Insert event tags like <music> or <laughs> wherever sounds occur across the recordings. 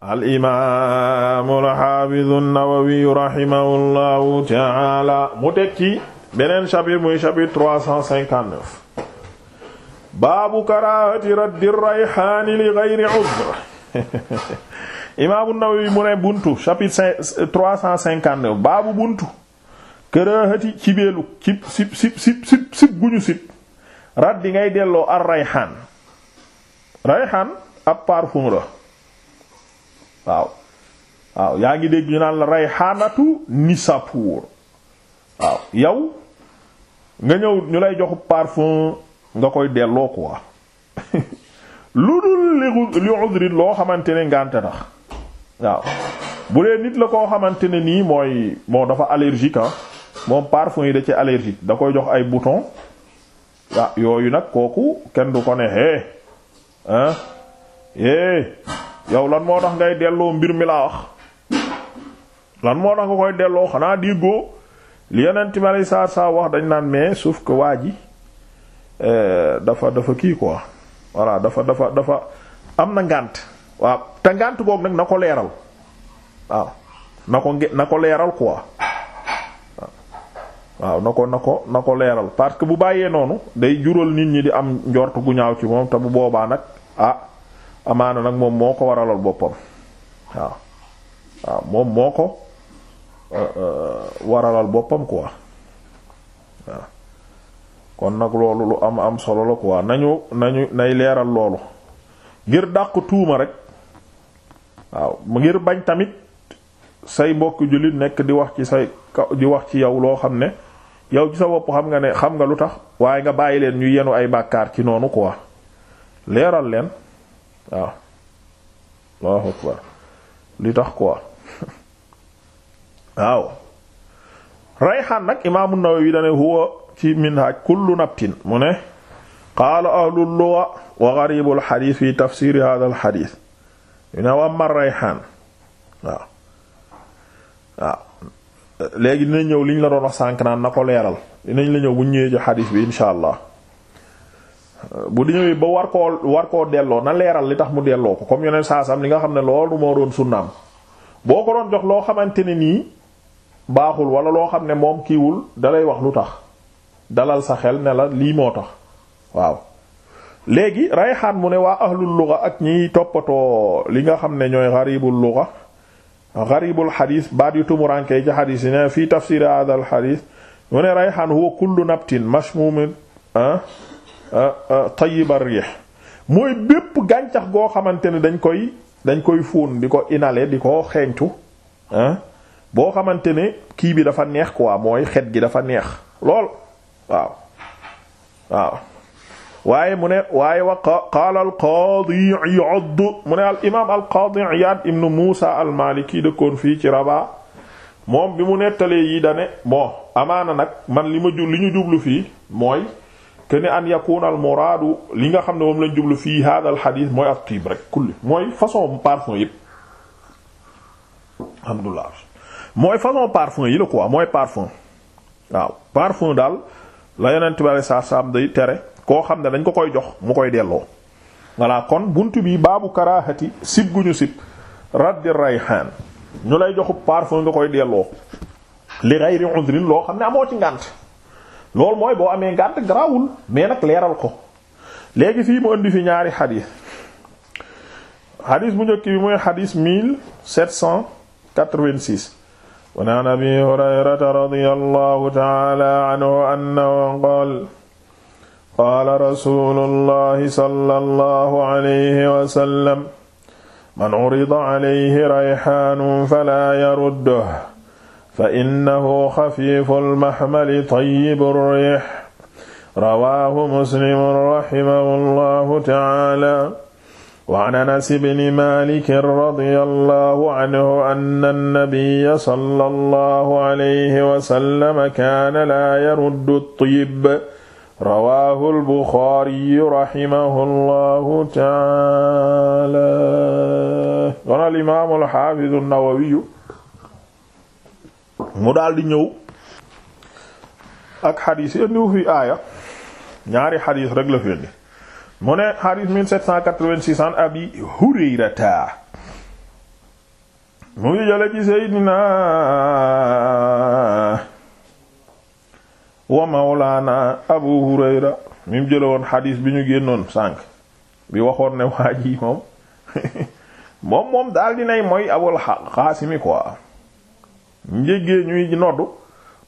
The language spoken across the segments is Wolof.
al imaamu alxaafidu nawawiyu rahimahullahu taala mu teg ci beneen chapitre muy chapitre 359 baabu karaahati raddi rayxaani li gayri uzr <laughs> imaamu nawawi buntu baabu buntu karaahati ci beelu cib sib raddi ngay delloo ar rayxaan rayxaan ab la waaw waaw yaa ngi dégg ñu naan la rayhanatu nisapur waaw yow nga ñëw ñu lay jox parfum nga koy delloo quoi <laughs> lu dul li udri loo xamante ne ngante tax waaw bu dee nit la koo xamante ne nii mooy moo dafa allergique ah moom parfum yi da ci allergique da koy jox ay bouton yooyu nag kooku kenn du ko ne yow lan moo tax ngay delloo mbir mi laa wax lan moo tax nga koy delloo xanaa diggoo li yeneen timere saa wax dañ naan mais sauf que waa ji euh, dafa dafa kii quoi voilà dafa dafa dafa am na ngànt waaw te ngànt googu nag na ko leeral waaw na ko na ko leeral quoi waaw na ko na ko na ko leeral parce que bu bàyyee noonu day jural nit ñi di am njort gu ñaaw ci moom te bu boobaa nag a ah, amaana nag moom moo ko waralal boppam waaw waaw moom moo ko euh, euh, waralal boppam quoi kon nag loolu lu am am solo la quoi nañu nañu nay leeral loolu ngir dàq tuuma rek waaw ngir bañ tamit say bokk jullit nekk di wax ci say di wax ci yow loo xam ne yow ci sa bopp xam nga ne xam nga lu tax waaye nga bàyyi leen ñu yenu ay bàkkaar ci noonu quoi leeral leen waaw Allahu akbar li tax quoi <laughs> waaw rayxaan nag imaamu Nawawi dane huwa ci minhaj kullu nabtin mu ne qaala ahlu lugha wa gharibu alxadit fi tafsir hadha alxadit yu ne wamma rayxaan waaw waaw léegi ñëw liñ la doon wax sànk naan na ko leeral dinañ la ñëw bu ñëwee ci xadis bi insha allah bu di ñëwee ba war koo war koo delloo na leeral li tax mu delloo ko comme yeneen saasam li nga xam ne loolu moo doon sunnaam boo ko doon jox loo xamante ne nii baaxul wala loo xam ne moom kiiwul dalay wax lu tax dalal sa xel ne la lii moo tax waaw léegi rayxaan mu ne waa ahlul luga ak ñiy toppatoo li nga xam ne ñooy garibul luga garibul xadis baat yu tumuranke yi ci xadis yi ne fii tafsir hadha al xadis mu ne rayxaan huwa kullu nabtin mashmumin ah, Euh, euh, tayyiba riih mooy bépp gàncax goo xamante ne dañ koy dañ koy fóon di ko inale di ko xeeñtu boo xamante ne kii bi dafa neex quoi mooy xet gi dafa neex lool waaw waaw waaye mu ne waaye wa qaala al-qaadi Iyaad mu ne al imaam al-qaadi Iyaad ibn Muusa al-Maliki dëkkoon fii ci Rabat moom bi mu nettalee yi dane bon amaana nag man li ma ju li ñu jublu fii mooy kene an yakuna al muraadu li nga xam ne moom lañ jublu fii hada al xadiis mooy at tiib rek kulli mooy façon parfum yëpp mooy façon parfum yi la quoi mooy parfum waaw parfum daal la yonent bi saa saam day tere koo xam ne dañ ko koy jox mu koy delloo voilà kon bunt bi baabu karahati sib gu ñu sib raddi rayhan ñu lay joxu parfum nga koy delloo li ghayri udrin loo xam ne amoo ci ngànt loolu mooy boo amee ngànt garaawul mais nag leeral ko léegi fii mu indi fi ñaari xadiis xadiis bu njëkk bi mooy xadiis 1786 an abi hurayrata radiyallahu ta'ala anhu annahu qaala qaala rasuulullahi sallallahu alayhi wa sallam man urida alayhi rayhaanun falaa yarudduhu fa innahu xafiifu lmaxmali tayyibu riix rawaahu muslimun raximahu allahu taala wa an anas bni malikin radia allahu anhu anna annabiya sala allahu alayhi wasallama kaana laa yaruddu tyib rawaahu albuxaariyu raximahu allahu taala kon alimaamu alxaafidu nnawawiyu mu daal di ñëw ak xadiis yi indiwu fi aaya ñaari xadiis rek fendi mu ne xadiis 1786 an abi mu ngi jële ci seydina wa mawlaana abu hurayra mi mu jële woon xadiis bi ñu génnoon sànq bi waxoon ne waa ji moom <laughs> moom moom daal dinay mooy abul xaasimi quoi njéggee ñuy nodd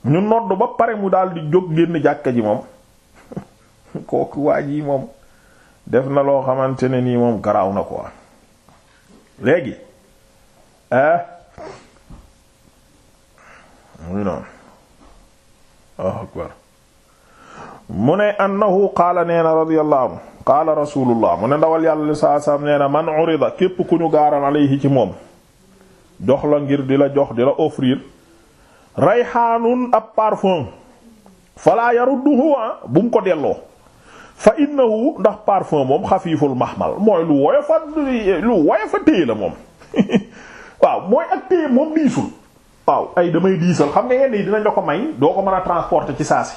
ñu nodd ba pare mu daal di jóg génn jàkka ji moom <laughs> kooku waa ji moom def na loo xamante ne nii moom garaaw na quoi léegi ah eh, muy noonu ah akbar mu ne annahu qaala nee na radiyallahu qaala rasulullah mu ne ndawal yàlla li saa saam nee man urida képp ku ñu gaaral alayhi ci moom jox la ngir di la jox di la offrir rayhaanun ab parfum fala yarudduhu ah, bu mu ko delloo fa innahu ndax parfum moom xafiiful mal mooy lu woyofa lu woyofa téye la moom <laughs> waaw mooy ak téye moom diisul waaw ay damay diisal xam nga yenn yi dinañ la ko may doo ko mën a transporter ci saa si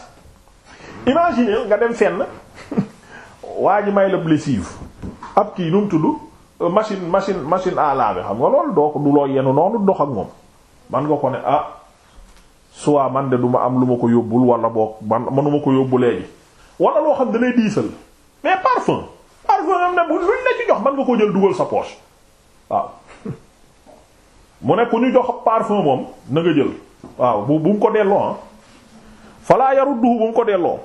imagine nga dem fenn <laughs> waa ji may la blessive ab kii nu tudd machine machine machine à laver xam nga loolu doo ko du loo yenu noonu dox ak moom man nga ko ne ah soit man de du ma am lu ma ko yóbbul wala boog man manuma ko yóbbu léegi wala loo xam da lay diisal mais parfum parfum am jël dugal sa poche waaw <laughs> mu ne ku ñu jox parfum moom na nga jël waaw bu bu mu ko delloo ah falaa yaruddu bu mu ko delloo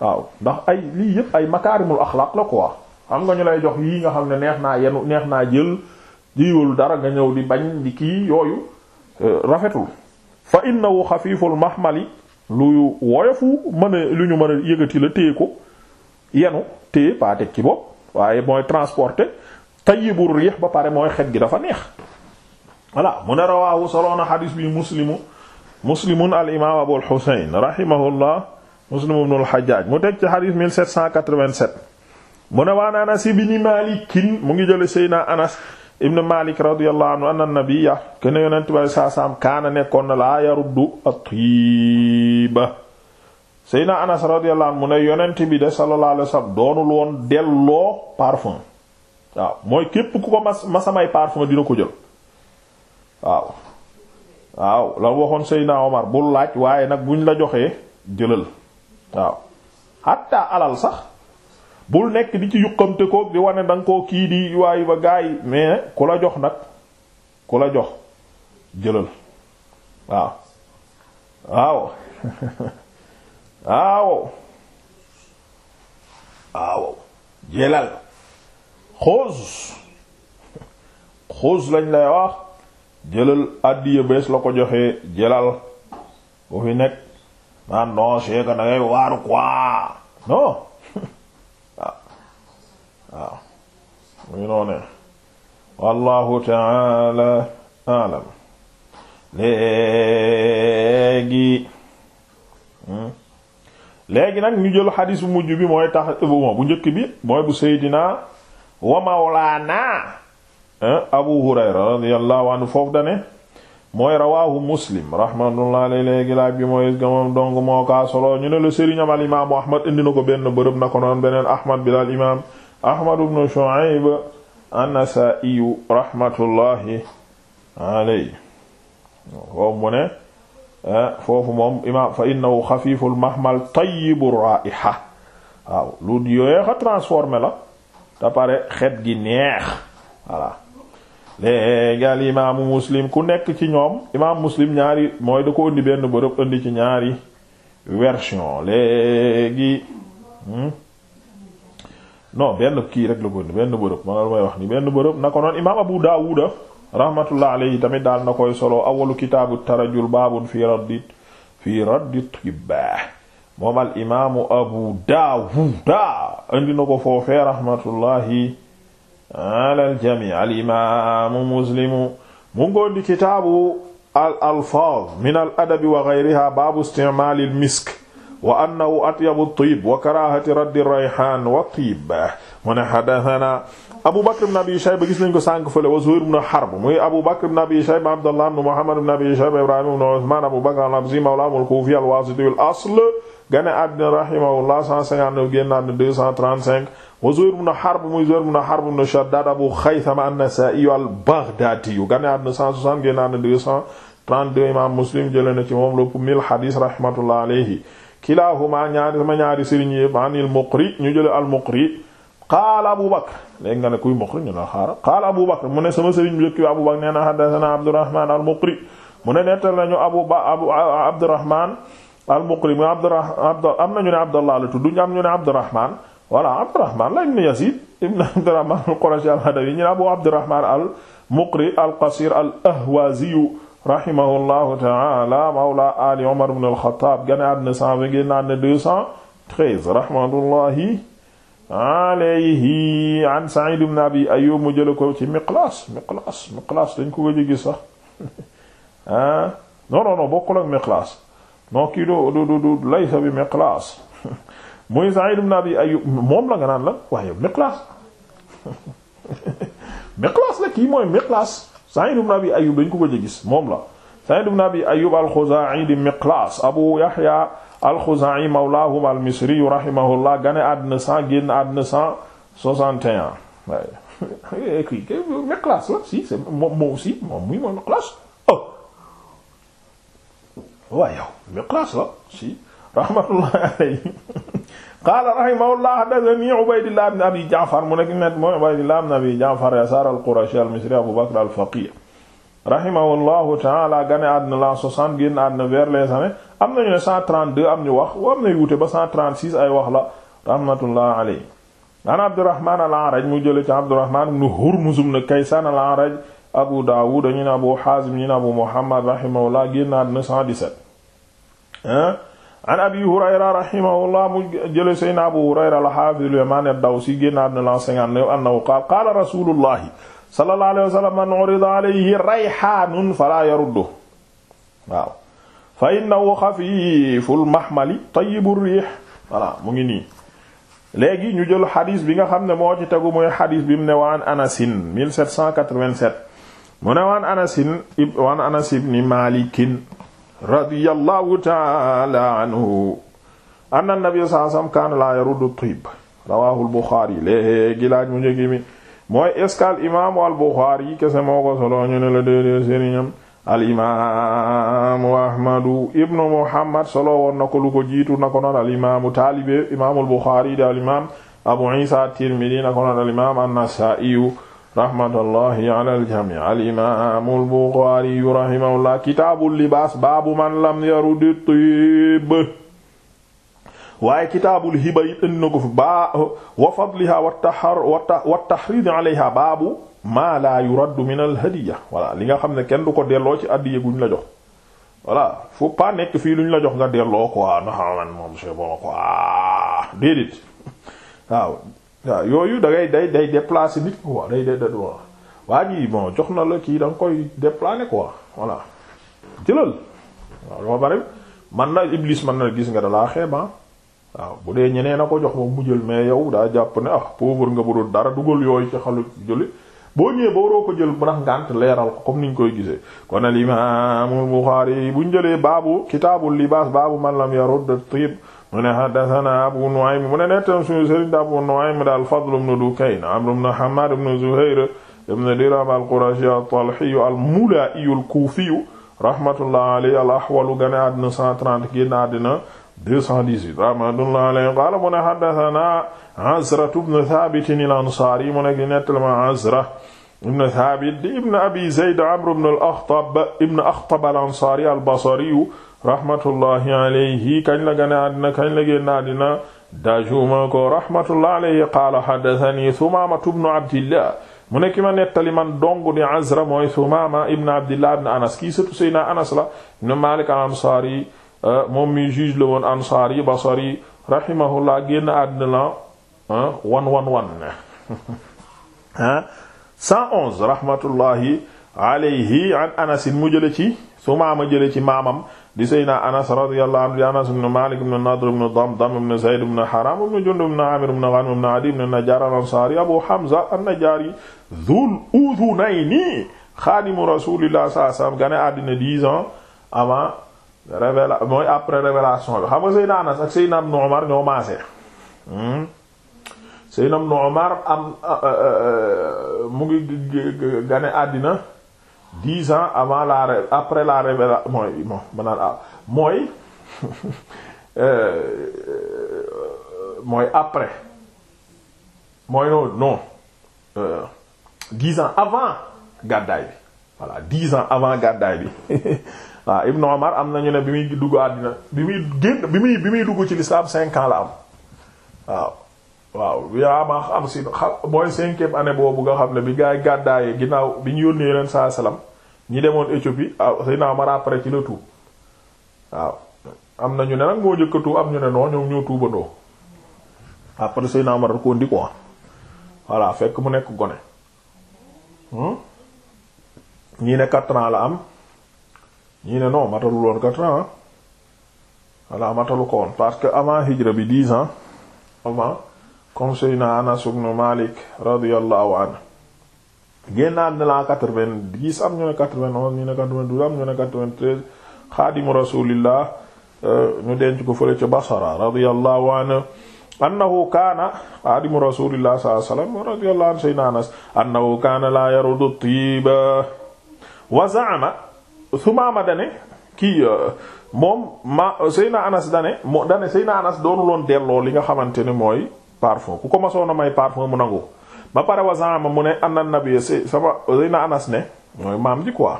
waaw ndax ay lii yépp ay makaarimul axlaaq la quoi. xam nga ñu lay jox yii nga xam ne neex naa yenu neex naa jël jiwul dara nga ñëw di bañ di kii yooyu euh, rafetul fa innahu xafiiful mahmali lu woyofu mën a lu ñu mën a yëgati la téye ko yenu téye paa teg ci bopp waaye mooy transporter tayyibur riix ba pare mooy xet gi dafa neex voilà mu ne rawaahu a xadiis bi muslimu muslimun al imaam abul xuseyn rahimahullah muslim ibnul xajaaj mu teg ci xadiis mu ne waan anas ibn malikin mu ngi jële seyna anas ibn malik radiyallahu anhu anna nabiyya kene yonent bi saa kaana nekkoon na laa yaruddu at-tiba seyna anas radiyallahu anhu mu ne yonent bi de sallallahu alayhi wasallam doonul woon delloo parfum waaw laaj waaye nag buñ la joxee jëlal waaw alal sax bul nekk di ci yuqamte ko di wane da koo kii di waayu ba gaa yi mais ku la jox nag ku la jox jëlal waaw <laughs> xos lañ lay wax jëlal àddiya bees la ko joxee jëlal bu fi nekk naan non c'est que da waaru quoi non waaw muy noonee wallahu taala alam léegi hmm? léegi nag ñu jël xadiis bu mujj bi mooy tax bu njëkk bi mooy bu seydinaa wa mawlaanaa eh, abu hurayra radiyallahu anhu foofu dane mooy rawaahu muslim rahmatullah alayhi léegi laaj bi mooy ga moom dong moo kaa solo ñu ne la sëriñam al ahmad indi na ko benn bërëb na ko noon beneen ahmad bi al ahmad ibn shu'ayb an-nasaa'iyu rahmatullahi alayhi foofu mu ne foofu moom imaam fa innahu xafiiful mahmal tayyibu raa'iha waaw lu yeex a transformé la te pare xet gi neex voilà léegi al imaamu muslim ku nekk ci ñoom imaam muslim ñaari mooy da ko indi benn bërëb indi ci ñaari version léegi hmm? non benn kii rek la ko indi benn bërëb man la may wax ni benn bërëb na ko noon imaam Abu Daawuda rahmatullah alayhi tamit daal na koy solo awalu kitaabu tarajul baabun fii raddi fii raddi tibbaa moom al imaamu Abu Daawuda indi na ko foofee rahmatullahi alal jamii al imaamu muslimu mu ngoon di kitaabu al alfaaz min al adabi wa ghayriha baabu istimaal al misk wa annahu atyabu tib wa karahati raddi rayhan wa tib mu ne hadathana Abu Bakr ibn Abi Shayba gis nañ ko sànq fële wa Zuhayr ibn Harb muy Abu Bakr ibn Abi Shayba Abdullah ibn Muhammad ibn Abi Shayba Ibrahim ibn Uthman Abu Bakr al-Abzi mawla al-Kufi al-Wasiti al-asl gane àddina rahimahullah 159 génn na 235 wa Zuhayr ibn Harb muy Zuhayr ibn Harb ibn Shaddad Abu Khaythama an-Nasa'i al-Baghdadi gane àddina 160 génn na 232 imam Muslim jëlee na ci moom lépp 1000 hadith rahmatullah alayhi kilahuma ñaari sama ñaari sëriñ yi manil muqri ñu jële al muqri qaala abu bakr léegi nga ne kuy muqri ñu la xaara qaala abu bakr mu ne sama sëriñ bu jëkk bi abu bakr nee na hadathana abdurrahman al muqri mu ne nettal nañu abu ba abu abdurrahman al muqri mu abdurrahman am nañu ne abdullah la tuddu am ñu ne abdurrahman voilà abdurrahman la ibn yazid ibn abdurrahman al qurashi al hadawi ñu ne abu abdurrahman al muqri al qasir al ahwazi rahimahullahu ta'ala mawla ali omar ibn al-Khattab gane àddina cent vingt génn àddina deux cent treize rahmatullahi alayhi an Sa'id ibn Abi Ayyub mu jële ko ci Miqlas Miqlas Miqlas dañ ko gëj a gis sax <laughs> ah non non non bokkul ak Miqlas non kii du du du laysa bi Miqlas <laughs> muy Sa'id ibn Abi Ayyub moom la nga naan la waaye Miqlas <laughs> Miqlas la kii mooy Miqlas Sa'id ibn Abi Ayyub dañ ko gëj a gis moom la Sa'id ibn Abi Ayyub al-Khuzaa'i di Miqlaas Abu Yahya al-Khuzaa'i mawlaahum al-Misri rahimahullah gane àddina cent génn àddina cent soixante et un waaye <laughs> kii kay Miqlaas la si c'est moom moom aussi moom muy moom Miqlaas oh waaye yow Miqlaas la si rahmatullah alayhi <laughs> qaala rahimahullah haddathanii Ubaydullah ibn Abi Ja'far mu nekk net mooy Ubaydullah ibn Abi Ja'far Yasaar al-Qurashi al-Misri Abu Bakr al-Faqih rahimahullahu ta'ala gane àddina la 60 génn àddina vers les années am nañu ne 132 am ñu wax wa am nañu wute ba 136 ay wax la rahmatullah alayhi an Abdurrahman al-A'raj mu jële ci Abdurrahman ibn Hurmuz ibn Kaysan Abu Dawud ñu ne Abu Hazim ñu ne Abu Muhammad rahimahullah génn àddina 117 an abi hurayra rahimahullah mu jële sayna abu hurayra al-hafiz al-yaman ad-dawsi génnaat na lan 59 annahu qaala qaala rasulullahi sallallahu alayhi wa sallam man urida alayhi rayhanun fala yaruddu waaw fa innahu xafiful mahmali tayyibur rih voilà mu ngi nii léegi ñu jël xadis bi nga xam ne moo ci tegu mooy xadis bi mu ne waan anasin 1787 mu ne waan anasin waan anas ibni malikin radiyallahu taala anhu anna nabiyyu sallallahu alayhi wasallam kaana laa yaruddu tiib rawaahul Buxaari léegi laaj mu njëkk mi mooy escal imaamu al Buxaari kese moo ko solo ñu ne la déedéet sëriñam al imaamu Ahmadu ibnu Muhammad solo woon na ko lu ko jiitu na ko noon al imaamu taalibe imaamul Buxaari di al imaam Abu Iisa at-Tirmidi na ko noon al imaam an-Nasaa'i rahmatullahi ala aljami alimamu albuxaariyu rahimahullah kitaabu libaas baabu man lam yarudi tiib waaye kitaabul hiba it indi na ko fi baa wa fadliha wa tahrid alayha baabu maa laa yuraddu min al hadiya voilà li nga xam ne kenn du ko delloo ci addiya guñ la jox voilà faut pas nekk fii luñ la jox nga delloo quoi ndax man moom c'est bon quoi déedéet waaw waaw yooyu da ngay day day déplace nit quoi day day day waa jii bon jox na la kii da nga koy déplacer quoi voilà jëlal waaw dama bari man na Iblis man na gis nga da laa xeeba ah. waaw bu dee ñenee na ko jox moom mu jël mais yow daa jàpp ne ah pauvre nga budul dara dugal yooyu ci xalu julli boo ñëwee ba waroo ko jël bu ndax ngànt leeral ko comme niñ koy gisee kon al imaamul Buxaari buñ jëlee baabu kitaabul libaas baabu man lam yarud tib mu ne haddathana Abu Nu'aym mu ne nettan suñu sëriñ Abu Nu'aym daal Fadl ibn Dukayn Amr ibn Hammad ibn Zuhayr ibn Dirham al-Qurashi at-Talhi al-Mula'i al-Kufi rahmatullah alayhi al-Ahwal gane àddina 130 génn àddina 218 rahmatullah alayhi qaala mu ne haddathana Azra ibn Thabit al-Ansari mu ne gi nettali ma Azra ibn Thabit ibn Abi Zayd Amr ibn al-Akhtab ibn Akhtab al-Ansari al-Basri rahmatullahi alayhi kañ la gane àddina kañ la génn àddina dajuma ko rahmatullahi alayhi qaala haddathani Sumaama ibnu Abdillah mu nekk ma nettali man dong di Azra mooy Sumaama ibnu Abdillah ibnu Anas kii sëtu Anas la ibnu Maalik al-Ansaari euh, moom mi juge la woon Ansaari Basri rahimahullah génn àddina la ah 111 ah alayhi an anasin mu jële ci sumaama jële ci maamam di saydna anas radiyallahu anhu di anas ibn malik ibn nadr ibn damdam ibn zayd ibn haram ibn jundub ibn amir ibn ghanm ibn adi ibn najjar al-ansari abu hamza an-najjari dhul udhunayni xaadimu rasulillah sallallahu alayhi wasallam gane àddina dix ans avant révéla mooy après révélation bi xam nga saydna anas ak saydna ibn umar ñoo maase hmm? saydna ibn umar am euh, euh, euh, mu ngi gane àddina dix ans avant la après la révélation mooy bon maanaam ah, mooy <laughs> euh, mooy après mooy non non euh, dix ans avant gàddaay bi voilà dix ans avant gàddaay bi waaw <laughs> Ibn Omar am nañu ne bi muy dugg àddina bi muy génn bi muy bi muy dugg ci l'islam cinq ans la am waaw waaw yaa ma am si mooy cinquième année boobu nga xam ne bi gaa yi gàddaayee ginnaaw bi ñu yónnee yeneen saa salaam ñi demoon Éthiopie ah Seydina mara après ci la tuub waaw am na ñu ne nag moo njëkk a am ñu ne non ñoom ñoo tuubandoo après Seydina Omar da ko ndi quoi voilà fekk mu nekk gone hmm? ñii ne quatre la am ñii ne non matalu loon quatre ans ah. matalu ko woon parce que avant hijra bi dix ans avant. comme seydna anas ibn malik radiyallahu anhu génnaat na la 90 am ñu ne 91 ñu ne 92 am ñu ne 93 xaadimu rasulillah euh, ñu denc ko fële ca basara radiyallahu anhu annahu kaana xaadimu rasulillah sallallahu alayhi wasallam radiyallahu anhu seydna anas annahu kaana la yarudu tiba wa za'ama sumaama dane kii euh, moom ma seydna anas dane moo dane seydna anas doonuloon delloo li nga xamante ne mooy parfum ku ko masoon a may parfum mu nangu ba pare wasaama mu ne anna nabi anas ne mooy maam ji quoi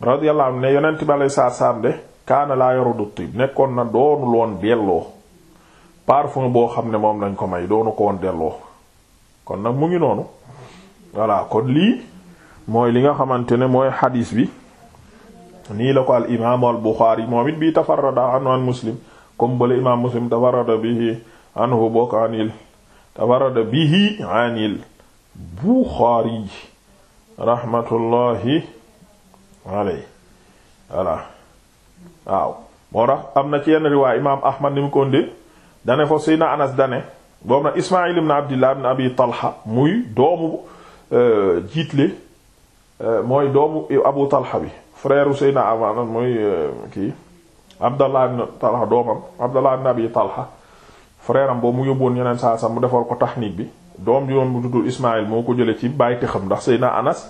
radiyallahu anhu ne yonent bi alay saam de kaana laa yarudu tib nekkoon na doonul woon delloo parfum boo xam ne moom lañ ko may doonu ko woon delloo kon nag mu ngi noonu voilà kon lii mooy li nga xamante ne mooy xadiis bi nii la ko al imaamu al buxaari moom it bii tafarrada anu an muslim comme bale imaam muslim tafarrada bihi anhu bokk anil tawarada bihi anil Buxaari rahmatullahi aley voilà waaw moo tax am na ci yenn riwaay imaam Ahmad ni mu ko dane foofu Seydina Anas dane boobu nag Ismaayil ibn Abi Talha muy doomu euh, jiitle euh, mooy doomu Abu Talha bi frère Seydina Anas mooy euh, kii Abdallah Abi Talha frère boobu boo mu yóbboon yeneen saa sa mu defal ko taxnib bi doom ji bu tuddul Ismaïl moo ko jëlee ci bàyyi te xam ndax Seydina Anas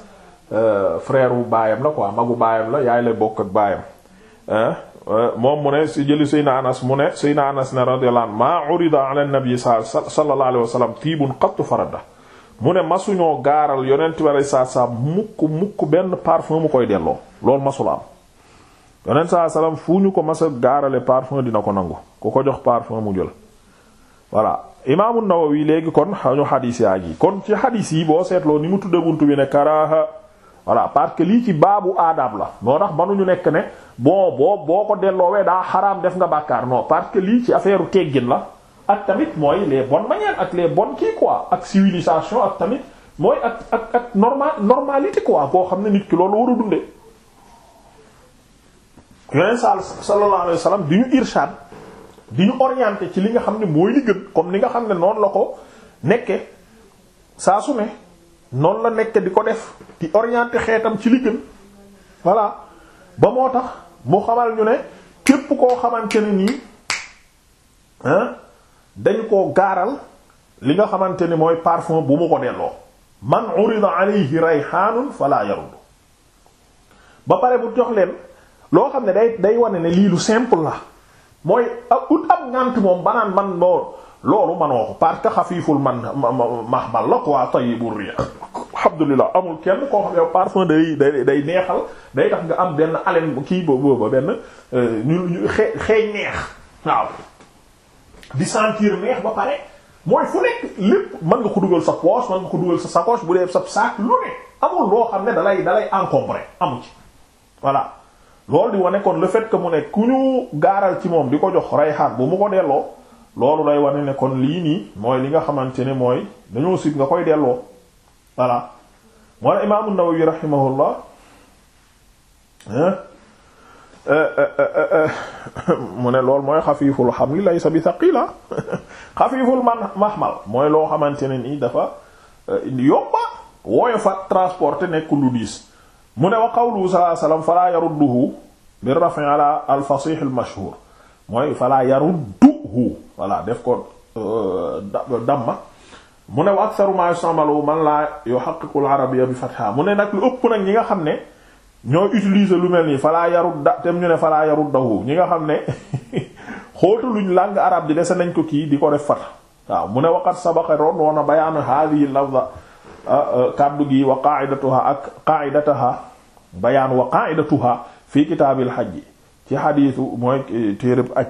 euh, frère wu baayam la quoi magu baayam la yaay la bokk ak baayam euh, moom mu ne si jëli Seydina Anas mu ne Seydina Anas ne radiyallahu anhu maa urida ala nabi sallallahu alayhi wa sallam tiibun qattu farada mu ne masuñoo gaaral yonent bi saa saa mukk mukk benn parfum mu koy delloo loolu masula am yonent saa salaam fu ñu ko mas a gaarale dina ko nangu ku ko jox parfum mu jël voilà imaamu Nawawi léegi kon xañu xadiis yaa ngi kon ci xadiis yi boo seetloo ni mu tudde buntu bi ne karaaha voilà parce que lii ci baabu aadaab la moo tax ñu nekk ne bon boo boo ko delloowee daa xaraam def nga bàkkaar non parce que lii ci affaire teggin la ak tamit mooy les bonnes manières ak les bonnes kii quoi ak civilisation ak tamit mooy ak ak ak normal quoi koo xam ne nit ki loolu war a dundee. yeneen sallallahu alayhi wasallam di ñu irshad di ñu orienté ci li nga xam ne mooy li gën comme ni nga xam ne noonu la ko nekke saa su ne noonu la nekke di ko def di orienté xeetam ci li gën voilà ba moo tax mu xamal ñu ne képp koo xamante ne nii hein dañ koo gaaral li nga xamante ni mooy parfum bu mu ko delloo man urida alayhi rayhanun fala yarud ba pare bu jox leen loo xam ne day day wane ne lii lu simple la mooy ut am ngànt moom banaan man boo loolu manoo ko parce que xafiiful man mahbal la quoi tayyibur rih alhamdulillah amul kenn koo xam yow parfum day day neexal day tax nga am benn haleine kii ba benn euh, ñu xee xeeñ neex di sentir neex ba pare mooy fu nekk lépp mën nga ko dugal sa poche mën nga dugal sa sacoche bu dee sa sac lu amul loo xam ne dalay dalay encombrer amu ci lool di wane kon le fait mu ne ku ñu gaaral ci moom di ko jox rayhaan bu mu ko delloo loolu day wane ne kon lii nii mooy li nga xamante ne mooy dañoo sib nga koy delloo voilà moo la imaamu Nawawi rahimahullah euh, euh, euh, <laughs> mu ne loolu mooy xafiiful xamli laysa bi thaqila <laughs> xafiiful man mahmal mooy loo xamante ne nii dafa yomba wooyo fa transporter nekk lu diis mu ne wa qawluhu sallallahu alayhi wasallam fala yarudduhu bi raf'i ala al fasih al mashhur mooy fala yarudduhu voilà def ko euh, damma mu ne wa aktharu ma yustamalu man la yuhaqqiqu al mu ne nag ëpp nag ñi nga xam ne ñoo utiliser lu mel nii fala yarudda tem ñu ne da yaruddahu ñi nga xam ne <laughs> xóotu luñ arab arabe di dese nañ ko kii di ko def fatha waaw mu ne waqat sabaqa roon a bayaanu hadhihi lafza ah, ah, kaddu gi wa qa'idatuha ak qa'idataha bayaan wa qa'idatuha fi kitaabil hajj ci xadiisu mooy téereb aj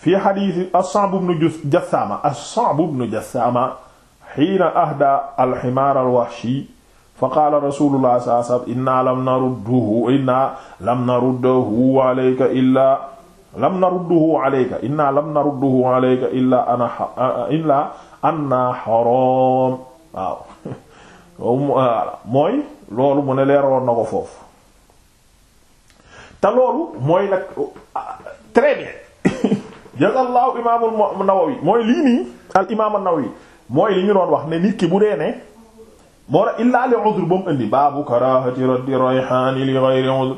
fi xadiisi as-Sa'b ibn Jassaama as-Sa'b ibn Jassaama hiina ahdaa al-himaar al-wahshi fa qaala rasuulullah sallallahu alayhi wa sallam innaa lam narudduhu innaa lam narudduhu alayka illaa lam narudduhu alayka innaa lam narudduhu alayka illaa ana illaa annaa haraam waaw <laughs> mooy loolu mu ne leeroon na ko foofu te loolu mooy nag très bien jazallahu imaamul Nawawi mooy lii nii al imaamul Nawawi mooy li ñu doon wax ne nit ki bu dee ne moo tax illaa li udr ba mu indi baabu karaahati raddi rayhaani li ghayri udr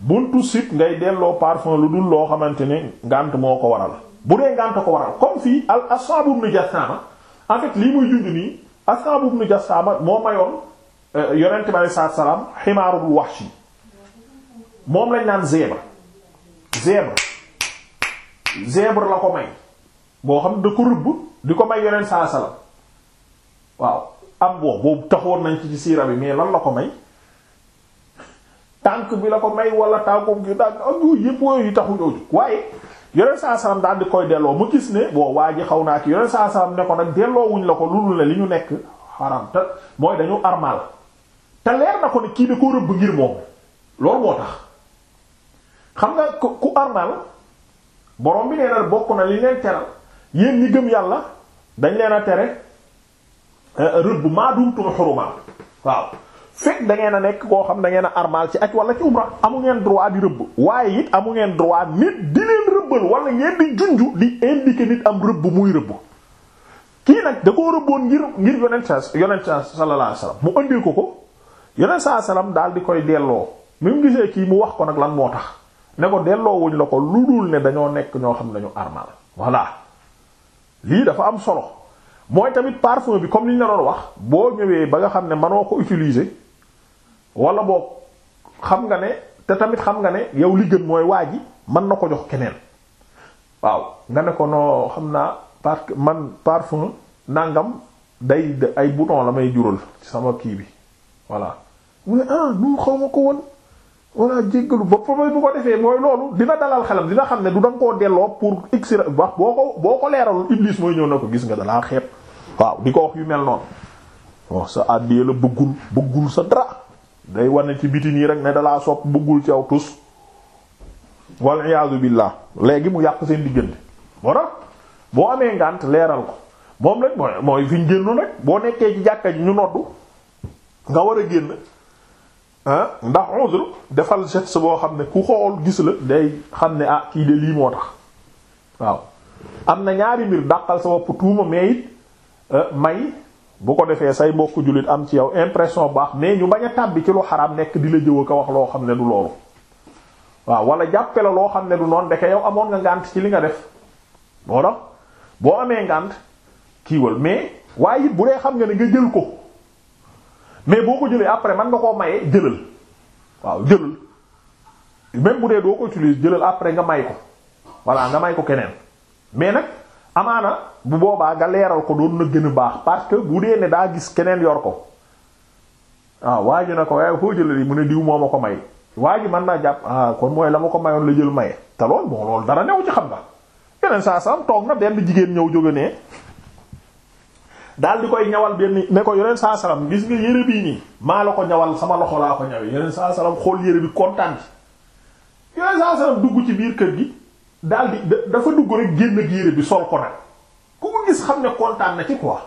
buntu sit ngay delloo parfum lu dul loo xamante ne ngànt moo ko waral bu dee ngànt ko waral comme fii al asaabu ibnu Jassaama en lii muy junj nii asaabu ibnu Jassaama moo mayoon Euh, yonent bi alei salaatu salaam ximaarul wahshi moom lañ naan zèbre zèbre zèbre la ko may boo xam da ko rëbb di ko may yonent saa salaam waaw am boo boobu taxoon nañ ci ci siira bi mais lan la ko may tànk bi la ko may wala tànkoom gi tànk ak yooyu yëpp taxu ñoo jóg waaye yonent saa salaam daal di koy delloo mu gis ne boo waa ji xaw naa ki yonent saa salaam ne ko nag delloowuñ la ko lu dul ne li ñu nekk xaram te mooy dañu armal te leer na ko ne kii da koo rëbb ngir moom loolu moo tax xam nga ku armal borom bi nee na bokk na li leen teral yéen ñi gëm yàlla dañ leen a tere eh, rëbb maadumtum xurumaa waaw fekk da ngeen a nekk koo xam da ngeen a armal ci aj wala ci umra amu ngeen droit di rëbb waaye it amu ngeen droit nit di leen rëbbal wala ngeen di junju di indiquer nit am rëbb muy rëbb kii nag da koo rëbboon ngir ngir yonent yonent sallallahu alayhi wasallam mu ëndil ko ko yeneen saa salaam daal di koy delloo mi mu gisee kii mu wax ko nag lan moo tax ne ko delloo wuñ la ko lu dul ne dañoo nekk ñoo xam nañu dañu armal lii dafa am solo mooy tamit parfum bi comme li ñu la wax boo ñëwee ba nga xam ne manoo ko utiliser wala boo xam nga ne te tamit xam nga ne yow li gën mooy waa ji mën na ko jox keneen waaw nga ne ko noo xam naa parce man parfum nangam day ay bouton la may jural sama kii bi voilà. mu ne ah nu xaw ma ko woon walla jéggalu ba problème bu ko defee mooy loolu dina dalal xelam dina xam ne du danga koo delloo pour extra wax boo ko boo ko leeralul Iblis mooy ñëw na ko gis nga dalaa xeeb waaw di ko wax yu mel noonu waaw oh, sa àddee la bëggul bëggul sa dara day wane ci biti nii rek ne dalaa sopp bëggul ci aw tus wal iyaadu billaah léegi mu yàq seen diggante moo tax boo amee ngànt leeral ko moom rek mooy mooy fi ñu génnoon boo nekkee ci jàkka ñu noddu nga war a génn ndax uzr defal geste boo xam ne ku xool gis la day xam ne ah kii de lii moo tax waaw am na ñaari mbir dàqal sa bopp tuuma mais it euh, may bu ko defee say mbokk jullit am ci yow impression baax mais ñu bañ a tàbbi ci lu xaraam nekk di la jëw ko wax loo xam ne du loolu waaw wala jàppe la loo xam ne du noon ndeke yow amoon nga ngànt ci li nga def moo tax boo amee ngànt kiiwal mais waaye it bu dee xam nga ne nga jël ko mais boo ko jëlee après man nga koo mayee jëlal waaw jëlal même bu dee doo ko utiliser jëlal après nga may ko voilà nga may ko keneen mais nag amaana bu boobaa nga leeral ko doon na gën a baax parce que bu dee ne daa gis keneen yor ko waaw ah, waa ji na ko waaye eh, foo jëlal yi mu ne diw moo ma ko may waa ji mën naa jàpp ah, kon mooy la ma ko mayoon la jël maye te lool bon loolu dara new ci xam nga yeneen saa sam toog na benn jigéen ñëw jóge ne daal di koy ñawal benn ne ko yeneen saa gis nga yére bii nii maa la ko ñawal sama loxo laa ko ñawee yeneen saa salaam xool yére bi kontaan ci yeneen saa dugg ci biir kër gi daal di dafa dugg rek génn ak yére bi sol ko nag ku ko gis xam ne kontaan na ci quoi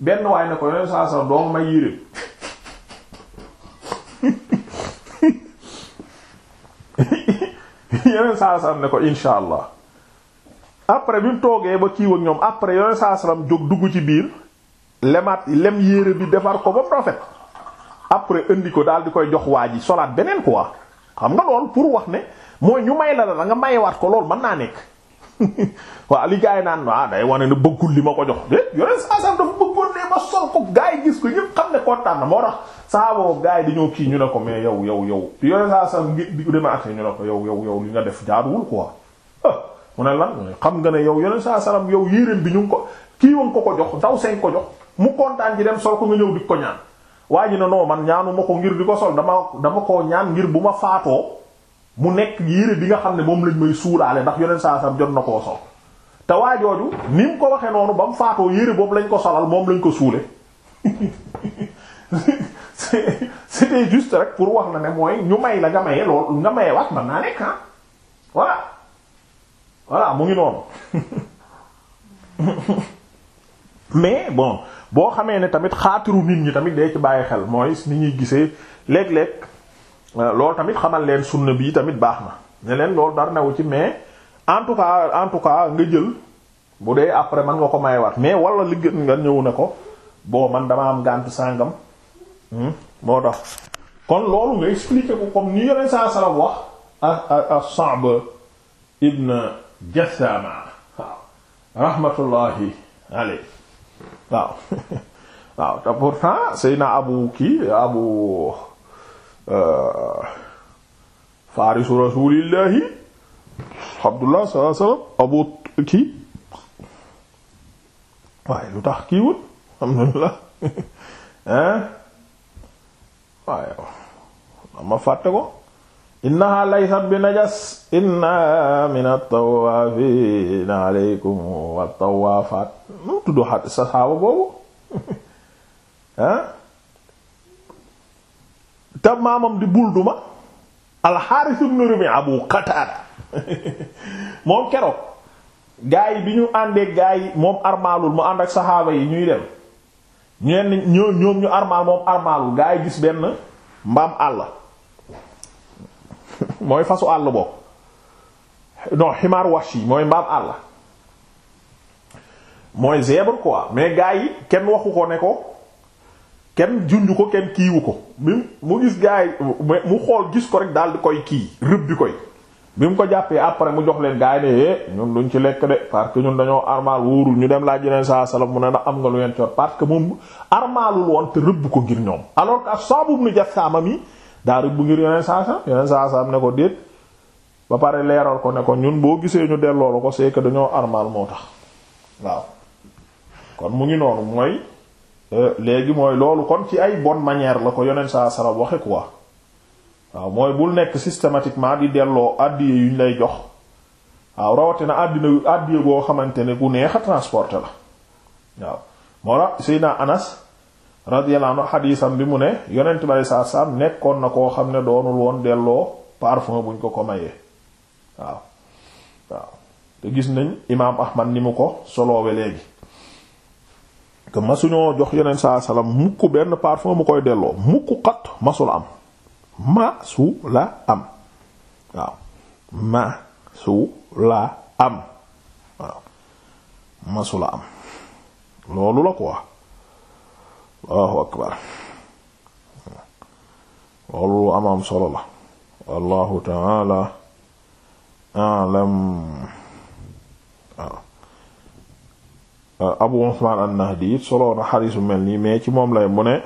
benn waaye ne ko yeneen saa salaam doom may yére bi <laughs> yeneen saa ne ko insha allah. après bi mu toogee ba kii ak ñoom après yooyu saa salaam jóg dugg ci biir lemaat yi lem yére bi defar ko ba rafet après indi ko daal di koy jox waa ji solaat beneen quoi xam nga lool pour wax ne mooy ñu may la la nga mayewaat ko lool mën naa nekk <laughs> waaw li gars yi naan ah day wane ne bëggul li ma ko jox de yore saa salaam dafa bëggoon ne ma sol ko gars yi gis ko ñëpp xam ne kontaan na moo tax saa boobu gars yi dañoo kii ñu ne ko mais yow yow yow yore saa salaam ngi di demaat ñu ko yow yow yow li nga def jaaduwul quoi. mu ne lan xam nga ne yow yeneen saa salaam yow yéreem bi ñu ngi ko kii woon ko ko jox ndaw seen ko jox mu kontaan ji dem sol ko nga ñëw di ko ñaan. waa ji ne non man ñaanu ma ko ngir di ko sol dama dama koo ñaan ngir bu ma faatoo mu nekk yére bi nga xam ne moom lañ may suulaale ndax yeneen saa salaam jot na koo sol. te waa jooju ni mu ko waxee noonu ba mu faatoo yére boobu lañ ko solal moom lañ ko suule <laughs> c'était juste rek pour wax la ne mooy ñu may la nga maye loolu nga naa ah. voilà mu ngi noonu mais bon boo xamee ne tamit xaatiru nit ñi tamit dee ci bàyyi xel mooy ni ñuy gisee léeg-léeg euh, loolu tamit xamal leen sunna bi tamit baax na ne leen loolu dara newu ci mais en tout cas en tout cas nga jël bu dee après man nga ko mayewaat mais wala li gën nga ñëw ne ko boo man dama am gàntu sàngam hmm, moo tax kon loolu nga expliquer ko comme ni yore saa sala wax ak ah, ak ah, ak ah, Sa'b ibn jasaama waaw rahmatullahi aley waaw <laughs> waaw te pourtant Seydina abu kii abu euh, farisu rasulillahi Abdullah sallallahu alayhi wasallam abu kii waaye lu tax kii wut alhamdulillah <laughs> hein waaye ma fàtte ko innaha laysat bi najas inna min at-tawaafina aleykum wa tawaafaat mu tudd xa saxaaba boobu ah <laughs> maamam di bulduma alxaaris ibn Rubi'a Abu Qataada <laughs> moom keroog gaa yi bi ñu àndee gaa moom armaalul mu ànd ak saxaaba yi ñuy dem ñeen ñoom ñu armaal moom armaalul gaa yi benn mbaam àll <laughs> mooy fasu àll bokk non ximaar wahshi mooy mbaam àll mooy zèbre quoi mais gaa yi kenn waxu ko ne ko kenn junj ko kenn kiiwu ko mu gis gaa yi mu xool gis ko rek daal di koy kii rëbbi koy bi mu ko jàppee après mu jox leen gaa yi ne eh ñun duñ ci lekk de parce que ñun dañoo armaal wóorul ñu dem laa yeneen saa salaam mu ne na am nga lu ngeen coono parce que moom armaalul woon te rëbb ko ngir ñoom alors que Sa'b ibn Jassama mi daa bu ngir yoneen saasam yoneen saasam ne ko déet ba pare leeral ko ne ko ñun boo gisee ñu delloo la ko c'est dañoo armal moo tax waaw kon mu ngi noonu mooy euh, léegi mooy loolu kon ci ay bon manière la ko yoneen saa sara waxe quoi waaw mooy bul nekk systématiquement di delloo àddiya yu ñu lay jox waaw rawatina àddina àddiya boo xamante ne bu neex a transporter la waaw moo la Seydina Anas radiyallahu anhu xadiisam bi mu ne yonent bi saa saam nekkoon na koo xam ne doonul woon delloo parfum buñ ko ko mayee waaw waaw te gis nañ imaam Ahmad ni mu ko soloowe léegi que masuñoo jox yonent saa salaam mukk benn parfum mu koy delloo mukk xat masu la am ma su la am waaw ma su la am waaw masu la am loolu la quoi. allahu akbar loolu amaam solo la wallahu taala alam abu usman an-nahdi solo na xadiis bu mel nii ci moom lay mu ne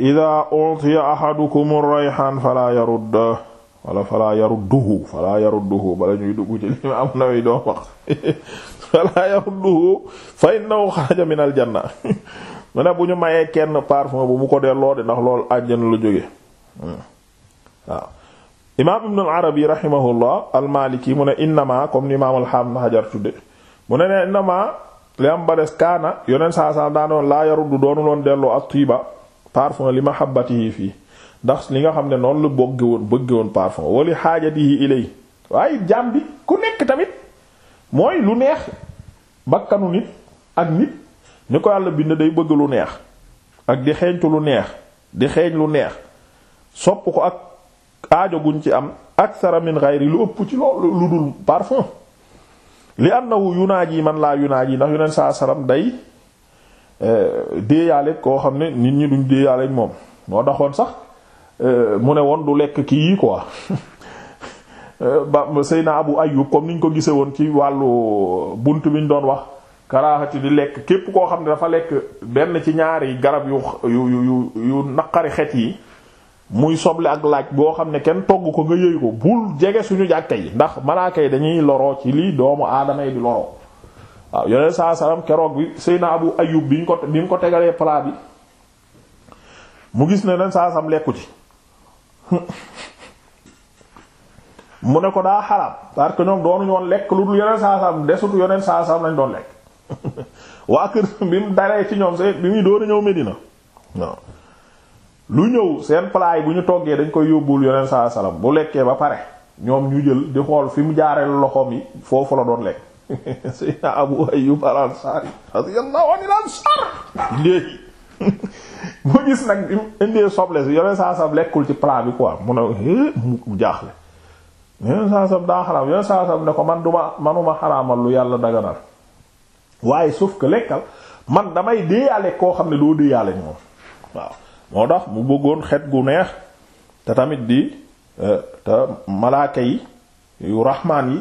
ida utiya ahadukum ar-rayhan fala yarudda wala fala yarudduhu fala yarudduhu bala ci li na wi doon wax <laughs> wala yaxudduhu fa innahu xaraja min al mu ne bu ñu mayee kenn parfum bu mu ko delloo de ndax loolu àjjana lu jóge hmm. waaw imaam ibn al arabi rahimahullah al mu ne innama comme ni imaam xaam na xajar tudde mu ne ne innama li am ba des kaana yoneen saa saa daanoon laa yaruddu doonu loon delloo at-tiiba parfum li mahabbatihi fii ndax li nga xam ne noon lu bëgg woon bëgg woon parfum wali xaajatihi ilay waaye jaam ku nekk tamit mooy lu neex bakkanu nit ak nit ni ko yàlla bind day bëgg lu neex ak di xeeñtu lu neex di xeeñ lu neex sopp ko ak aajo guñ ci am ak saramin ghayri lu ëpp ci loolu lu dul parfum li annahu yunaaji man laa yi ndax yoneen saa saram day eh, déeyaale koo xam ne nit ñi duñ déeyaale moom moo taxoon sax eh, mu ne woon du lekk kii yi quoi <laughs> Euh, ba Seyna Abu Ayyub comme ni ñu ko gisee woon ci wàllu euh, bunt bi ñu doon wax karaahati di lekk képp koo xam ne dafa lekk benn ci ñaari garab yu yu yu yu naqari xet yi muy soble ak laaj boo xam ne kenn togg ko nga yëy ko bul jege suñu jàkka yi ndax malaaka yi dañuy loroo ci lii doomu aadama yi di loroo waaw yoneen saa salaam keroog bi Seyna Abu Ayyub bi ñu ko bi mu ko tegalee plat bi mu gis ne leen saa lekku ci <laughs> mu ne ko daa xaraam parce que ñoom doonuñu woon lekk lu dul yoneen saasam desut yoneen saasam lañ doon lekk <laughs> waa kër bi mu daree ci ñoom se bi muy doon ñëw Medina waaw lu ñëw seen palaay bu ñu toggee dañ koy yóbbul yoneen saasam bu lekkee ba pare ñoom ñu jël di xool fi mu jaaree loxoom yi foofu la doon lekk <laughs> Seydina Abu Ayyub al-Ansari radiyallahu anil ansar léegi <laughs> mu gis nag bi mu indee soble si yoneen saasam lekkul ci plat bi quoi mu ne eh, mu yoneen saa sam daa xaraam yoneen saa sam ne ko man duma manuma xaraamal lu yàlla daganal waaye sauf que lekkal man damay déeyaale koo xam ne doo déeyaale ñoom waaw moo tax mu bëggoon xet gu neex te tamit di euh, te malaaka yi yu raxmaan yi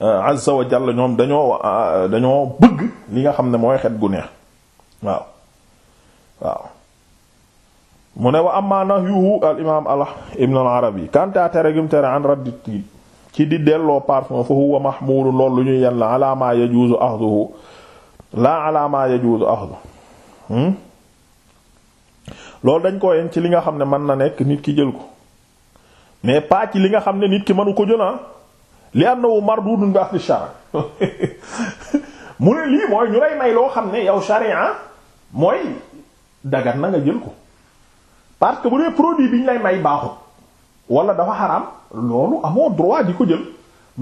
euh, azza wa jalla ñoom dañoo euh, dañoo bëgg li nga xam ne mooy xet gu neex waaw waaw mu ne wa amma nahyuhu al imaam al ibn al arabi kanta tere gim tere an raddi tiib ci di delloo parfum fa huwa mahmulu lool lu ñuy yen la ala ma yajuzu axduhu la ala ma yajuzu axdu hmm? loolu dañ ko yen ci li nga xam ne mën na nekk nit ki jël ko mais pas ci li nga xam ne nit ki mënu ko jël ah. li am na wu mardudun bi ahli shar <laughs> mu ne lii mooy ñu lay may loo xam ne yow sharia mooy dagat na nga jël ko parce que bu dee produit bi ñu lay may baaxut walla dafa xaraam loolu amoo droit di ko jël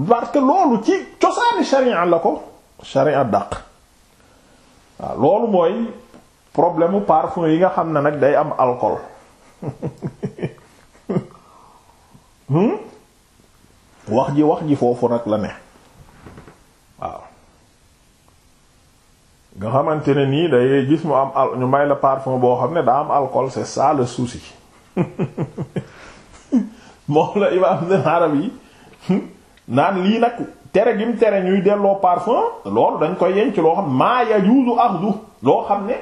parce que loolu ci cosaani sharia la ko sharia dàq waaw loolu mooy problème mu parfum yi nga xam ne nag day am alcool <laughs> hmm? wax ji wax ji foofu nag la ne. nga xamante ne nii day gis mu am al ñu may la parfum boo xam ne daa am alcool c'est ça le souci <laughs> moom la imaam Ibn Arabi yi naan lii nag tere gim tere ñuy delloo parfum loolu dañ koy yenc loo xam maa yajuuzu axdu loo xam ne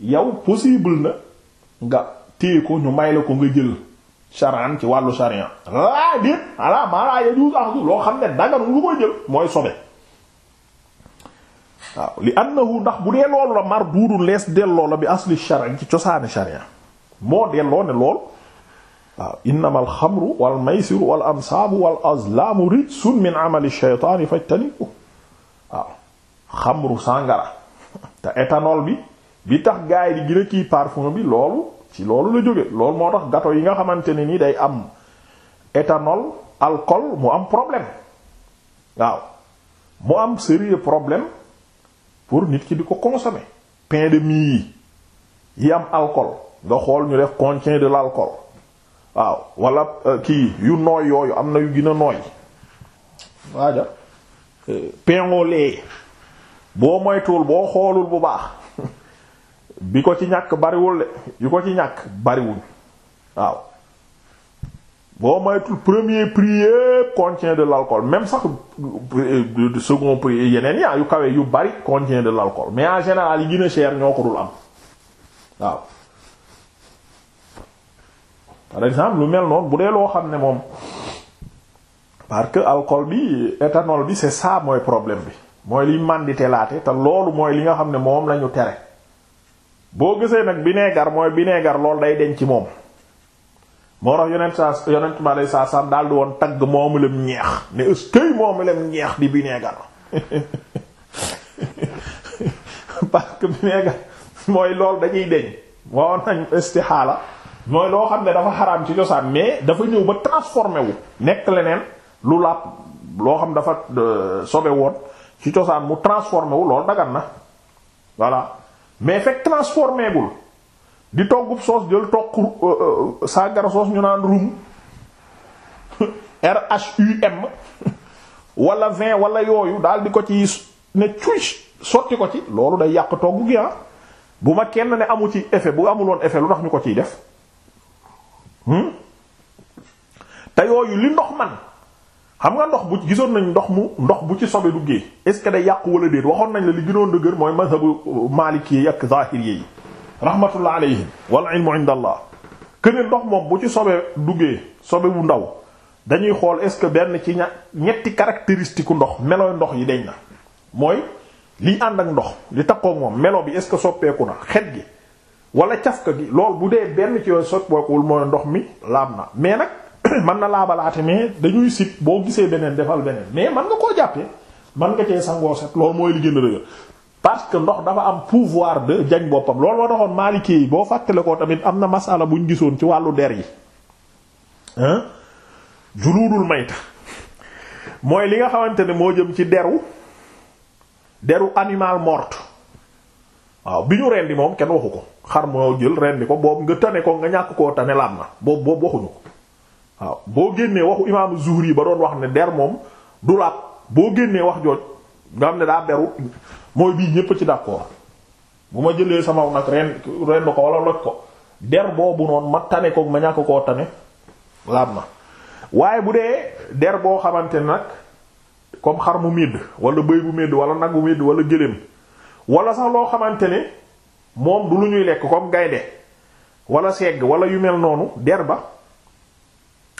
yow possible na nga téye ko ñu may la ko nga jël charan ci wàllu charia laa déet ala maa laa yajuuzu axdu loo xam ne daganu lu koy jël mooy sobe waaw li annahu ndax bu dee loolu la mar duudu lees delloo la bi asli sharia ci cosaani sharia moo delloo ne lool waaw innama alxamru wal maysiru wal ansaabu wal azlaamu rijsun min amali shaytaani fajtanibu waaw xamru sàngara <laughs> te éthanol bi bi tax gaay di gën a kii bi loolu ci loolu la jóge loolu moo tax gato yi nga xamante ne ni day am éthanol alcool mu am problème waaw mu am sérieux problème pour nit ki di ko consommer pain de mie yi yi am alcool nga xool ñu def contient de l'alcool waaw wala euh, kii yu nooy yooyu am na yu gën a nooy waaja euh, pain au lait boo moytuwul boo xoolul bu baax <laughs> bi ko ci ñàkk bariwul de yu ko ci ñàkk bariwul waaw boo maytul premier prix yépp contient de l'alcool même sax euh, second prix yeneen yaa ah, yu kawe yu bari contient de l'alcool mais en général yi gën a cher ñoo ko dul am waaw par exemple lu mel noonu bu dee loo xam ne moom parce que alcool bi éthanol bi c'est ça mooy problème bi mooy liy màndite laate te loolu mooy li nga xam ne moom lañu tere boo gisee nag bineegar mooy bineegar loolu day denc ci moom moo tax yonent saa yonent ma lay saa saam daal di woon tagg moomu leen ñeex ne est-ce que mu leen ñeex di bineegar <laughs> parce que mooy loolu dañuy deñ moo nañ istihaala mooy loo xam ne dafa xaraam ci cosaan mais dafa ñëw ba transformé wu nekk leneen lu làpp loo xam dafa sobe woon ci cosaan mu transformé wu loolu dagan na voilà mais fekk transformé di toggub soos jël toq euh, euh, sàngara soos ñu naan rum RHUM <laughs> wala vin wala yooyu daal di ko ci ne cuy sotti ko ci loolu day yàq togg gi ah. bu ma kenn ne amu ci effet bu amuloon effet lu tax ñu ko ciy def hmm? te yooyu li ndox man xam nga ndox bu gisoon nañ ndox mu ndox bu ci sobe duggee est-ce que day yàq wala déet waxoon nañ la li gënoon dëgër mooy mazhabu maliki yi ak zahiri yi rahmatullah alayhim wal ilmu inda allah këne ndox moom bu ci sobe duggee sobe bu ndaw dañuy xool est-ce que benn ci ña ñetti caractéristique ndox melooy ndox yi deñ na mooy liy ànd ak ndox li takkook moom melo bi est-ce que soppeeku na xet gi wala cafka gi lool bu dee benn ci yooyu soppeekuwul mooy ndox mi laab na mais nag <clears throat> mën na laabalaate mais dañuy sib boo gisee beneen defal beneen mais man nga koo jàppee mën nga cee sangoo set loolu mooy li gën a parce que ndox dafa am pouvoir de jañ boppam loolu moo taxoon maalikee yi boo fàttale ko tamit am na masala buñ gisoon ci wàllu der yi hein mayta mooy li nga xamante ne moo jëm ci deru deru animal mort waaw bi ñu rendi moom kenn waxu ko xar moo jël rendi ko boobu nga tane ko nga ñàkk koo tane laam na boobu boobu waxuñu ko waaw boo génnee waxu imaamu Zuhri ba doon wax ne der moom du laab boo génnee wax jooj nga xam ne daa beru mooy bii ñépp ci d'accord bu ma jëlee sama nag ren ren ko wala loj ko der boobu noonu ma tane ko ma ñàkk koo tane laab na waaye bu dee der boo xamante ne nag comme xar mu medd wala bëy bu medd wala nag bu medd wala gëléem wala sax loo xamante ne moom du lu ñuy lekk kom gaynde wala segg wala yu mel noonu der ba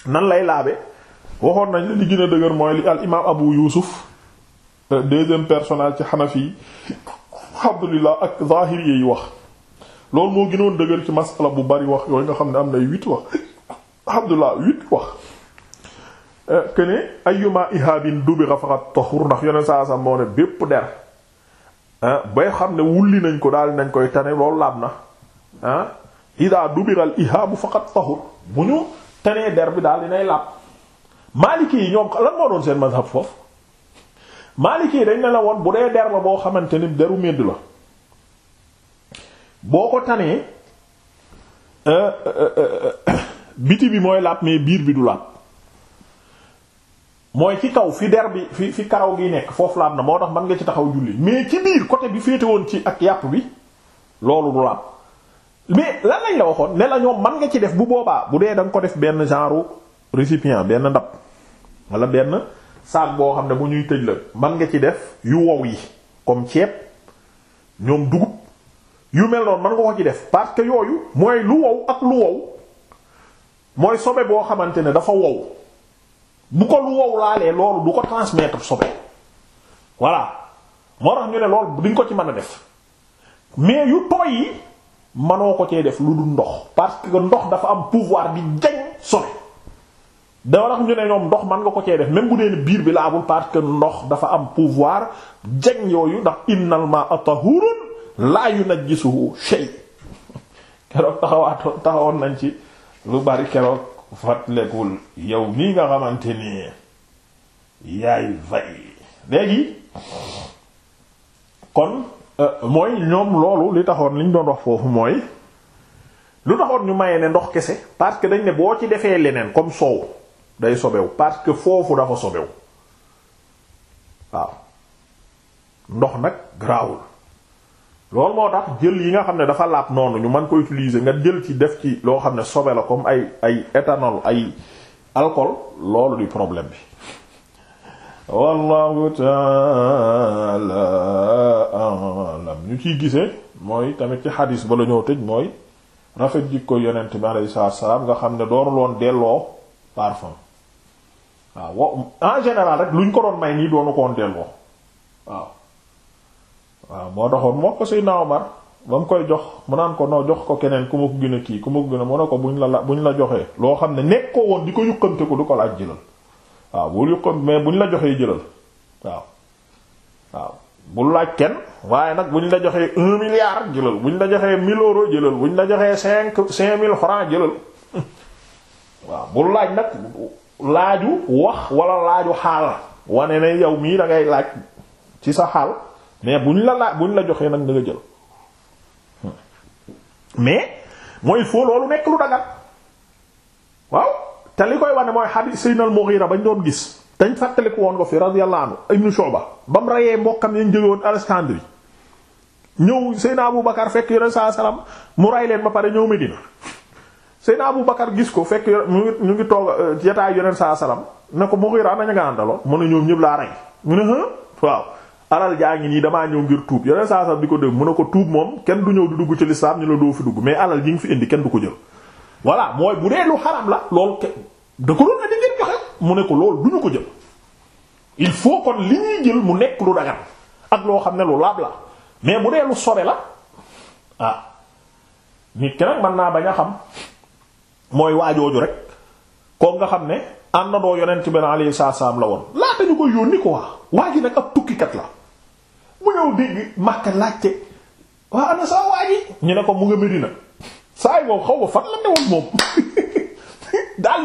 nan lay laabe waxoon nañ la li gën a dëgër mooy li al Abu Yuusuf deuxième personnage ci xanafi yi alhamdulilah ak zahiri yi wax loolu moo gënoon dëgër ci masala bu bari wax yooyu nga xam ne am na huit wax alhamdulilah huit wax kene euh, ayyuma ihaabin dubira faqat tahur ndax yoneen saa sa moo ne bépp der bay xam ne wulli nañ ko daal nañ koy tane loolu laab na ah ida dubiral ihaabu faqat tahur bu ñu tanee der bi daal dinay laab maaliki yi ñoom lan moo doon seen mazhab foofu Maliki yi dañ ne la woon bu dee der boo xamante ni deru medd la boo ko tanee euh, euh, euh, <coughs> biti bi mooy laab mais biir bi du laab mooy ci kaw fi der bi fi fi karaw gi nekk foofu laab na moo tax man nga ci taxaw julli mais ci biir côté bi féete woon ci ak yàpp bi loolu du laab mais lan lañ la waxoon ne la ñoom mën nga ci def bu boobaa bu dee danga ko def benn genre récipient benn ndab walla benn. saak boo xam ne bu ñuy tëj la man nga ci def yu wow yi comme ceeb ñoom dugub yu mel noonu man nga ko ci def parce que yooyu mooy lu wow ak lu wow mooy sobe boo xamante ne dafa wow bu ko lu wow laalee loolu du ko transmettre sobe voilà moo tax ñu ne loolu duñ ko ci mën a def mais yu tooy yi manoo ko cee def lu dul ndox parce que ndox dafa am pouvoir bi jañ sobe da wax ñu ne ñoom ndox man nga ko cee def même bu deen biir bi la laabul parce que ndox dafa am pouvoir jag yooyu ndax innal ma'a tahurun la gisu shay <laughs> keroog taxawaatoon taxawoon nañ ci lu bari keroog fatlekul yow nii nga xamante ni yaay vay léegi kon euh, mooy ñoom loolu li taxoon liñ doon wax foofu mooy lu taxoon ñu mayee ne ndox kese parce que dañ ne boo ci defee leneen comme soow day sobewu parce que foofu dafa sobewu waaw ndox nag garaawul loolu moo tax jël yi nga xam ne dafa laab noonu ñu man ko utiliser nga jël ci def ci loo xam ne sobe la comme ay ay éthanol ay alcool loolu di problème bi wallahu taala alam ñu ciy gisee mooy tamit ci xadis ba la tëj mooy rafet jikko yonent bi alayhi salaam nga xam ne doonul woon delloo parfum waaw wo en général rek luñ ko doon may nii doonu ko woon delloo waaw waaw moo taxoon moo ko Seydina Omar ba mu koy jox mu naan ko noo jox ko keneen ku ma ko gën kii ku ma ko gën a mu ne ko buñ la la buñ la joxee loo xam ne nekk koo woon di ko yuqamte ko du ko laaj jëlal waaw bul yuqam mais buñ la joxee jëlal waaw waaw laaj kenn waaye nag buñ la joxee un milliard jëlal buñ la joxee mille euros jëlal la joxee cinq cinq mille francs jëlal <laughs> waaw bul laaj nag laaju wax wala laaju xaal wane ne yow mii da ngay laaj ci sa xaal mais buñ la laaj buñ la joxee nag nga jël mais mooy il loolu nekk lu dagal waaw te li koy wane mooy hadith Seydina al-Mughira bañ doon gis dañ fàttaliku woon ko fi radiyallahu anhu ibnu Shuba ba mu reyee mbokkam yañ jóge woon Alexandrie ñëw Seydina Abu Bakar fekk yore saa salaam mu rey leen ba pare ñëw Medina Seydina Abu Bakar gis ko fekk ñu ngi ñu ngi toog euh, jotaay yonent saa salaam ne ko Mughira nañu nga àndaloo mu ne ñoom ñëpp laa rey mu ne waaw alal jaa ngi nii damaa ñëw ngir tuub yonent saa salaam di ko dégg mu ne ko tuub moom kenn du ñëw di dugg ci lislaam ñu la doo fi dugg mais alal ji nga fi indi kenn du ko jël. voilà mooy bu dee lu xaram la lool ke da ko doon di ngeen joxe mu ne ko loolu du ñu ko jël il faut kon li ñuy jël mu nekk lu dagan ak loo xam ne lu laab la mais bu dee sore la ah nit ki nag mën xam mooy waajooju rek koo nga xam ne àndandoo yonent bi alayhi salaam la woon laata ñu koy yónni ko waa waa ji nag ab tukkikat la mu ñëw dégg Makka laajte waa ana saa waa ji ñu ne ko mu nga Medina saa yi xaw ma fan <laughs>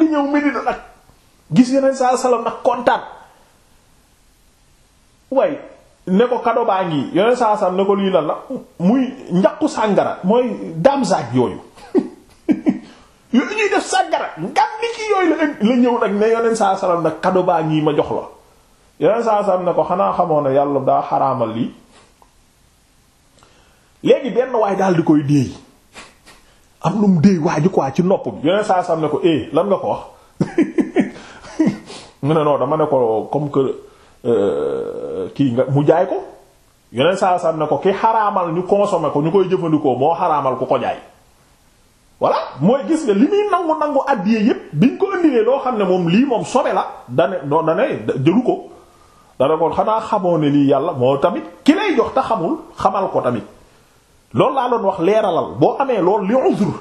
ñëw Medina nag gis yonent saa salaam nag kontaan waaye ne ko kado baa ngi yonent saa salaam ne ko lii lan la muy njaqu sàngara mooy daam zaaj yooyu. yooyu ñuy def sàggara ngam bi ci yooyu la ñëw nag ne yoneen saa salaam nag kado baa ngi ma jox la yoneen saa salaam ne ko xanaa xamoon ne yàlla daa xaraamal lii léegi benn waay daal di koy déey am lu mu déey waa ji quoi ci nopp bi yoneen saa salaam ne ko eh lan nga ko wax <laughs> mu ne non dama ne ko comme que euh, kii nga mu jaay ko yoneen saa salaam ne ko ki xaraamal ñu consommer ko ñu koy jëfandikoo moo xaraamal ku ko jaay. voilà mooy gis nga li muy nangu nangu àddiyee yépp biñ ko indilee loo xam ne moom lii moom sobe la dane doo dane jëlu ko dana kon xanaa xamoo ne lii yàlla moo tamit ki lay jox te xamul xamal ko tamit loolu laa doon wax leeralal boo amee lool li uzur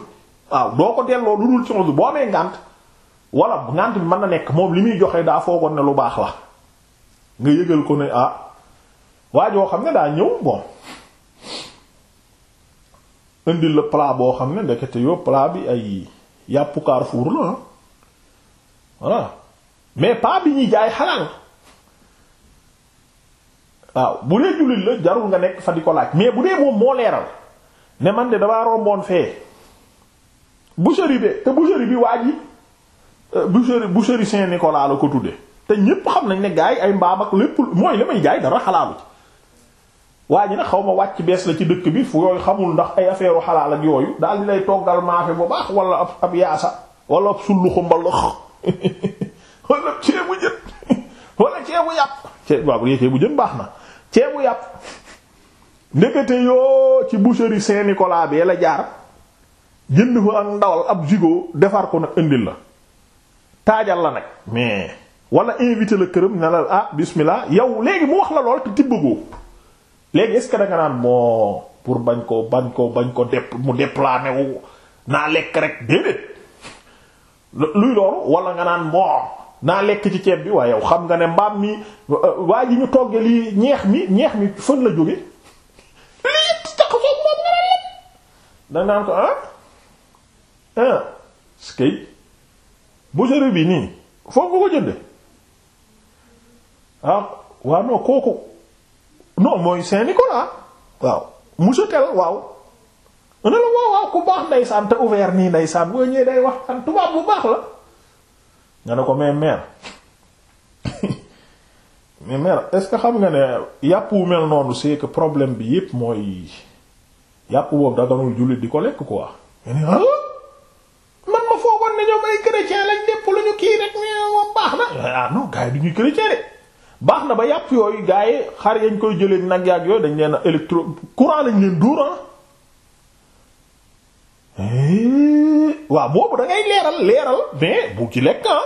waaw doo ko delloo lu dul ci uzur boo amee ngànt wala ngànt bi mën na nekk moom li muy joxee daa foogoon ne lu baax la nga yëgal ko ne ah waa joo xam ne daa ñëw bon indil la plat boo xam ne ndekete yoo plat bi ay yàppu Carrefour la ah voilà mais pas bi ñuy jaay xalaal waaw bu dee jullit la jarul nga nekk fa di mais bu dee moom moo leeral ne man de damaa romboon fee boucherie de te boucherie bi waa ji euh, boucherie boucherie Saint-Nicolas la ko tudde te ñépp xam nañ ne gaay ay mbaam ak lépp mooy li jaay dara xalaalu ci waa ji nag xaw ma wàcc bees la ci dëkk bi fu xamul ndax ay affaire xalaal ak yooyu daal di lay toggal maafe bu baax walla ab ab yaasa wala ab sulluxu mbalax <laughs> wala ceebu jën <laughs> wala ceebu yàpp ceebu jën baax na ceebu yàpp ndekete yoo ci boucherie Saint-Nicolas bi la jaar jën ko ak ndawal ab jigo defar ko nag indil la taajal la nag mais wala invité la këram ne la ah bismillah yow léegi mu wax la lool te tibbagoo léegi est nga naan bon pour bañ ko bañ ko bañ ko dé mu déplané wu naa lekk rek déedéet luy loolu wala nga naan bon naa lekk ci ceeb bi waaye yow xam nga ne mbaam mi euh, waa ji ñu togge li ñeex mi ñeex mi fan la jóge lii naan ko ah ah skey boucherie bi nii foog nga ko jënde ah, waa non kooku non mooy Saint-Nicolas waaw monsieur waaw ne waaw waaw ku baax ndeysaan te ouvert nii ndeysaan boo ñëwee day waxtaan tubaab bu baax la nga ne ko mais mère <laughs> mais mère est-ce que xam nga ne yàpp wu mel noonu c'est que problème bi yépp mooy yàpp boobu daganul jullit di ko lekk quoi ah? man ma foogoon ne ñoom ay chrétien lañ lépp lu kii rek mais moom baax na ah non gars yi du de baax na ba yàpp yooyu gars yi xar yañ koy jëlee nag yàgg yooyu dañ leen électro courant lañ leen dóor ah. eh, waaw boobu da leeral leeral mais bu ci lekk ah.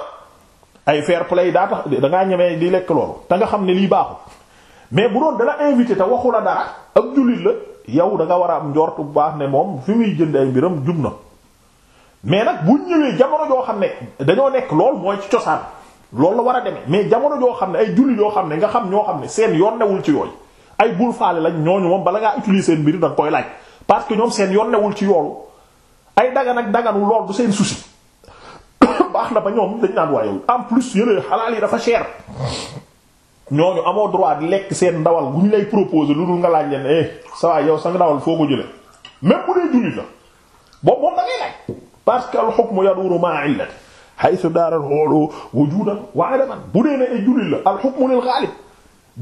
ay fair play daa tax da ngaa ñemee di lekk loolu te nga xam ne lii baaxul mais bu doon dala invité te waxu la dara ab jullit la yow da nga war a am njort bu baax ne moom fi muy jënd ay mbiram jub na mais nag bu ñëwee jamono joo xam ne dañoo nekk lool mooy ci cosaan. loolu la war a demee mais jamono joo xam ne ay julli yoo xam ne nga xam ñoo xam ne seen yoon newul ci yooyu ay bul faale lañ ñooñu moom bala ngaa utiliser seen mbir da koy laaj parce que ñoom seen yoon newul ci yoolu ay dagan ak daganu lool du seen souci <coughs> baax na ba ñoom dañ naan waaye en plus yële xalaal yi dafa cher ñooñu amoo droit lekk seen ndawal bu ñu lay proposer lu dul nga laaj leen eh ça va yow sa ndawal foo ko jëlee même bu dee jullit la boobu moom da laaj parce que al hukmu yaduru ma'a illati haythu daaral xooloo wujudan wa bu dee ne ay jullit la al hukmu lil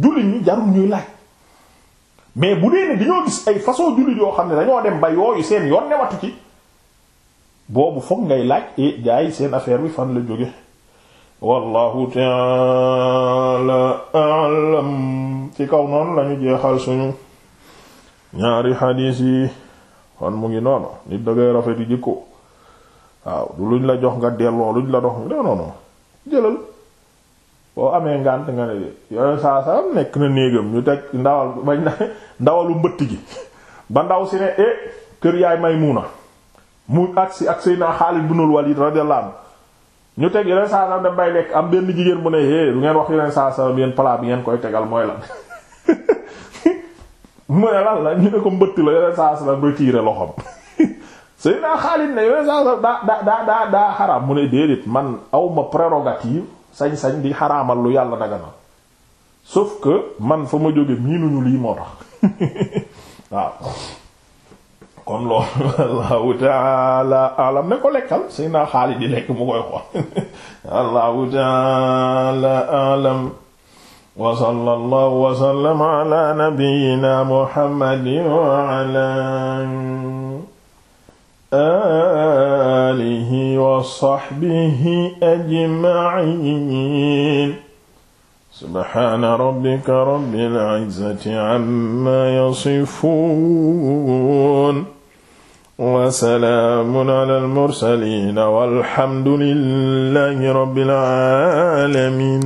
jullit ñi jarul ñuy laaj mais bu dee ne dañoo gis ay façon jullit yoo xam ne dañoo dem ba yooyu seen yoon newatu ci boobu fokk ngay laaj et eh, jaay seen affaire bi fan la jóge wallahu ta'ala a'lam ci kaw noonu lañu jeexal suñu ñaari xadiis yi kon mu ngi noonu nit dangay rafet yi jikko waaw lu luñ la jox nga delloo luñ la dox non non non jëlal boo amee ngànt nga ne yooyu saa saa nekk na néegam ñu teg ndawal bañ na <laughs> ndawalu mbëtt gi ba ndaw si ne eh kër yaay Maymuna mu agsi ak Seydina Xaalid ibnul Walid radiyallahu anhu ñu teg yeneen saa saa dem bay lekk am benn jigéen bu ne eh lu ngeen wax yeneen saa saa yéen plat bi ngeen koy tegal mooy lan <laughs> mu ne lan la ñu ne ko mbëtt la yeneen saa saa retiré loxoom. <laughs> Seydina Xaalid ne yooyu saa daa daa daa xaraam mu ne déedéet man awma prérogative sañ-sañ di xaraamal lu yàlla daganal sauf que man fa ma jóge miinuñu lii moo tax <laughs> waaw kon loolu <laughs> allahu taala alam ne ko lekkal Seydina Xaalid di lekk mu koy xool <laughs> allahu taala alam wa sallallahu wa sallama ala nabiyyina Muhammadin wa ala alihi wa sahbihi ajma'in subhaana rabbika rabbil izzati amma yasifuun wa salaamun alal mursaliin walhamdu lillaahi rabbil aalamiin